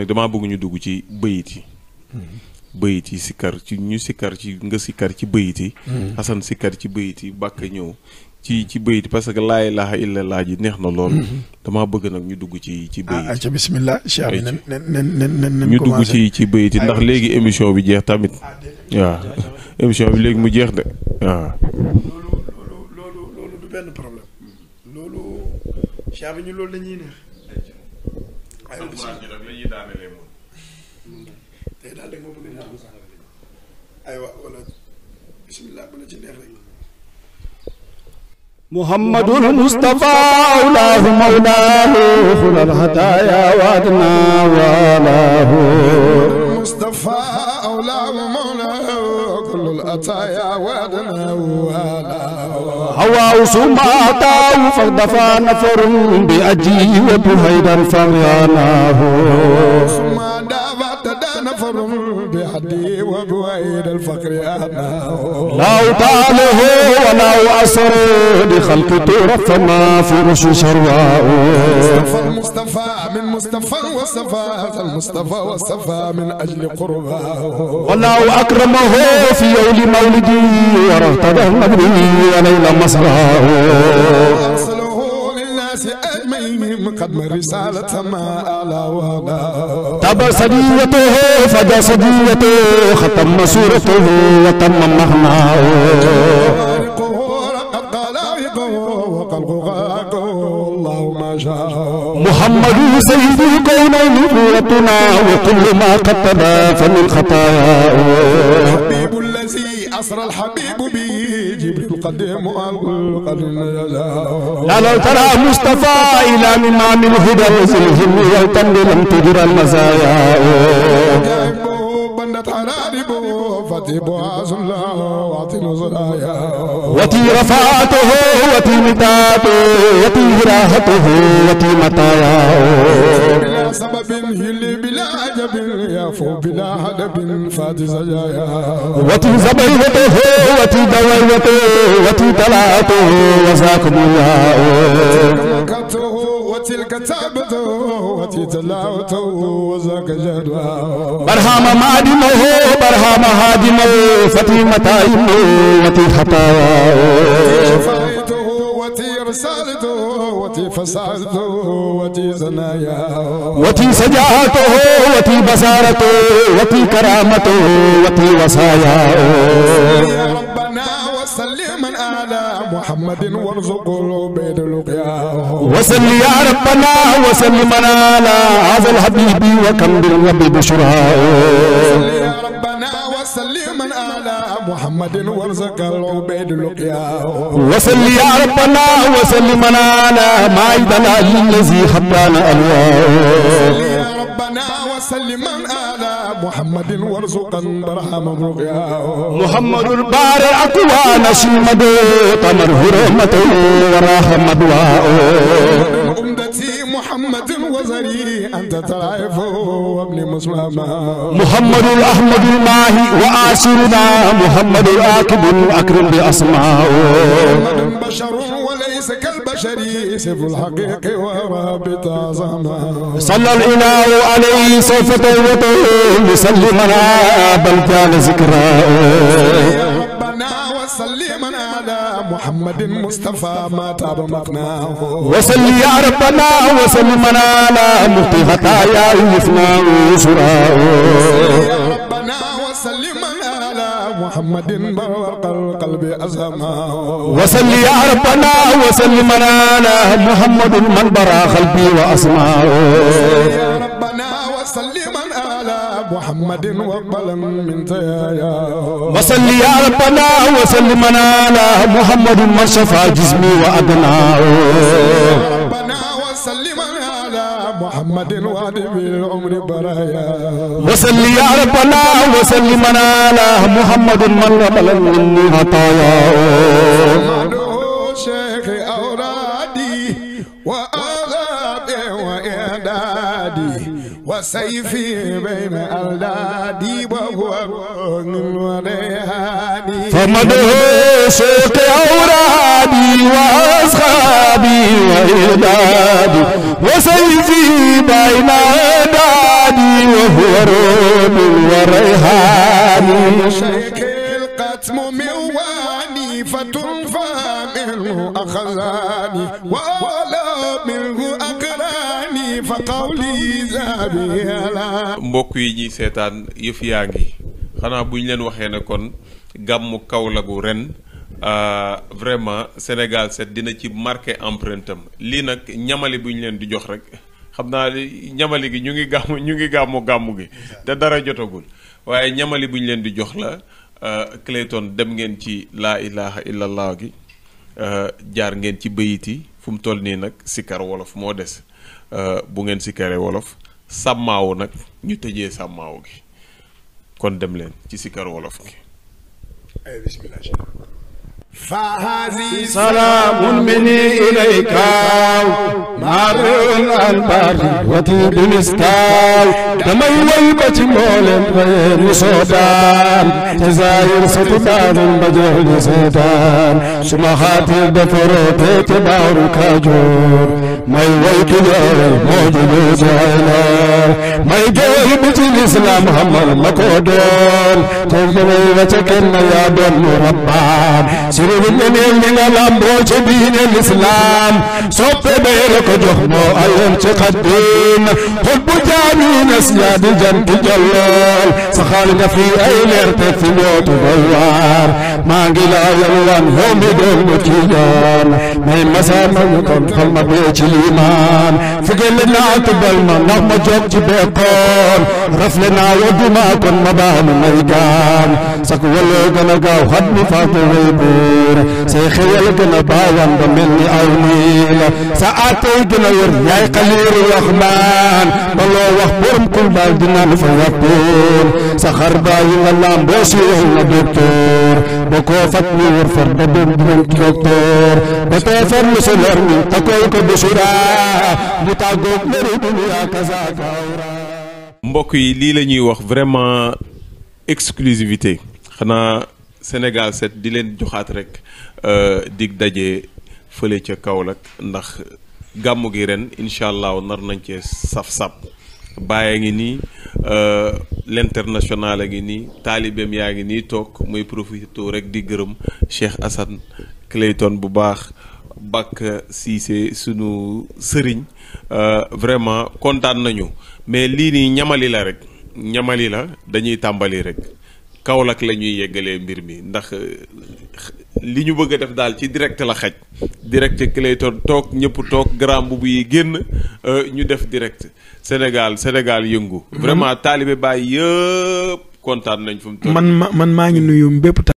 nag damaa bëgg ñu dugg ci bëyit yi hmm. bëyit yi sikkar ci ñu sikkar ci nga sikkar ci bëyit yi hmm. Assane sikkar ci bëyit yi bàkk ñëw ci ci bëyit parce que laa ilaaha illallaah yi neex na lool hmm. damaa bëgg nag ñu dugg ci ci bëyit ah, ah, ca bismillah ñu dugg ci ci bëyit yi ndax léegi émission bi jeex tamit ah, waaw émission bi léegi mu jeex de waaw problème loolu waaye aussi entourage bi nag la ñuy daanelee moom. tey daal dëgg moom bëgg naa aywa wala bisimilah bu la ci neex rek. محمد مصطفى أولاه مولاه خل الهدايا وأدنى والاه مصطفى أولاه مولاه الأطايا ودنا هوا سماتا فدفع نفر بأجي وبهيدا فغياناه الحدي وبويد الفقر أنا لو تعاله ولو أسر لخلق ترف ما فرش شرعاء مصطفى المصطفى من مصطفى وصفى المصطفى وصفى من أجل قرباه ولو أكرمه في يوم مولدي ورهت به مدري ليلة مصرعاء الميم قد من رسالة ما أعلى وأعلى تبا صديته فدا صديته ختم صورته وتم مهناه محمد سيد الكونين نورتنا وكل ما قد فمن خطاياه الذي أسرى الحبيب به جبريل قديم لا لو ترى مصطفى إلى مما من هدى وزلهم والتم لم تجر المزايا بندت حنانبه فطيب عز الله واعطي نزلايا وتي رفعته وتي متاته وتي هراهته وتي مطايا سبب هي يفو بلا هدب فاتز جايا وتي زبي وته وتي دوي وته وتي تلاته وزاكم الله كته وتلك تابته وتي تلاته وزاك جدوا برهام مادمه برهام هادمه فتي متائمه وتي خطايا فسالته وتي فسالته وتي زنايا وتي سجاته وتي بصارته وتي كرامته وتي وصايا ربنا وسلم من اعلى محمد وارزقه بيد لقيا وسل يا ربنا وسلم على هذا الحبيب وكم بالرب بشراه وسلم على محمد وارزق العبيد لقيا وصل يا ربنا وسلم على مايدنا الذي خطانا الوا يا ربنا وسلم على محمد وارزقا برحم رقيا محمد البارع اكوان شمد تمر هرمته ورحم دعاء امدتي محمد وزري أنت طائف وابن مسلم محمد الأحمد الماهي وآسرنا محمد الآكب الأكرم بأسماء محمد بشر وليس كالبشر سيف الحقيق ورابط عظمه صلى الإله عليه سوف توبته مسلمنا بل كان ذكراه محمد مصطفى ما تاب مقناه وصل يا ربنا وسلم على مفتي خطايا يفنى وسراه يا ربنا وسلم على محمد برق القلب أزما وصل يا ربنا وسلم على محمد من برا قلبي وأسماه يا ربنا وسلم محمد وقبلا من ثيايا وصل يا ربنا وسلم على محمد من شفى جسمي وأدناه ربنا وسلم على محمد وادب العمر برايا وصل يا ربنا وسلم على محمد من قبل مني خطايا سيفي بين أولادي وهو من وليهاني فمده شوق أورادي وأصحابي وإلادي وسيفي بين أولادي وهو روم وريحاني شيخ القتم مواني فتنفى منه أخذاني وأولى منه mbokk yi ñuy seetaan yëf yaa ngi xanaa bu ñu leen waxee ne kon gàmmu Kaolagu ren euh, vraiment Sénégal set dina ci marqué empreinte am lii nag ñamali bu ñu leen di jox rek xam naa ñamali gi ñu ngi ñu ngi gàmmu gàmmu gi te dara jotagul waaye ñamali bu ñu leen di jox la euh, Clayton dem ngeen ci laa ilaha illallah gi euh, jaar ngeen ci bayit yi fu mu toll nii nag sikar wolof moo des bu ngeen si kare wolof sàmmaawu nag ñu tëjee sàmmaawu gi kon dem leen ci sikkar wolof gi ay bismillah فهذه سلام مني إليك مارئ الأنبار وطيب المسكال دمي والبت مولم غير سودان تزاير ستبان بجهل سودان سمخات الدفر تتبار كجور may way tijaaru moo jëlee jaay may jooju bi ci lislaam ma ko doon koo jëlee ba ca yaa doon mu rabbaan sëriñ bi ñeneen ñi nga làmboo ci diine lislaam soppe bee la ko jox moo ayoon ci xaddiim xut bu jaami nas yaa di jant jollool saxaal fi ay leer te fi ñootu maa ngi laa yalwaan yow mi doon mu may ma ñu kon xol ma bee الإيمان فقل لنا تبلنا نغمة جوك جبيقون رفلنا يدما كن مبان ميقان سكو الغنى قاو خدم فاتو البور سيخي الغنى باوان بمني أونيل ساعتي غنى يرياي قليل وخمان بلو وخبرم كل بال دنا نفيقون سخر باين اللام بوشي الدكتور da koo faj mu wër far da doon doon docteur da koo far mu si lor mi da koy ko bisura mu tàggoog mëri dunya kasaaka awra mbokk yi lii la ñuy wax vraiment exclusivité xanaa Sénégal 7 di leen joxaat rek euh, dig daje fële ca Kaolack ndax gàmmu gi ren incha allah nar nañ cee saf-sàpp Baye a ngi nii euh, l'international a ngi nii taalibeem yaa ngi nii toog muy profité rek di gërëm Cheikh assan Clayton bu baax Bakk Cissé sunu sëriñ euh, vraiment kontaan nañu mais lii nii ñamali la rek ñamali la dañuy tàmbali rek. Kaolack la ñuy yeggalee mbir mi ndax euh, li ñu bëgg a def daal ci direct la xaj direct Clayton toog ñëpp toog grand mbubb yi génn euh, ñu def direct Sénégal Sénégal yëngu. vraiment taalibe Baay yëpp kontaan nañ fu mu man ma man maa ngi nuyu mbépp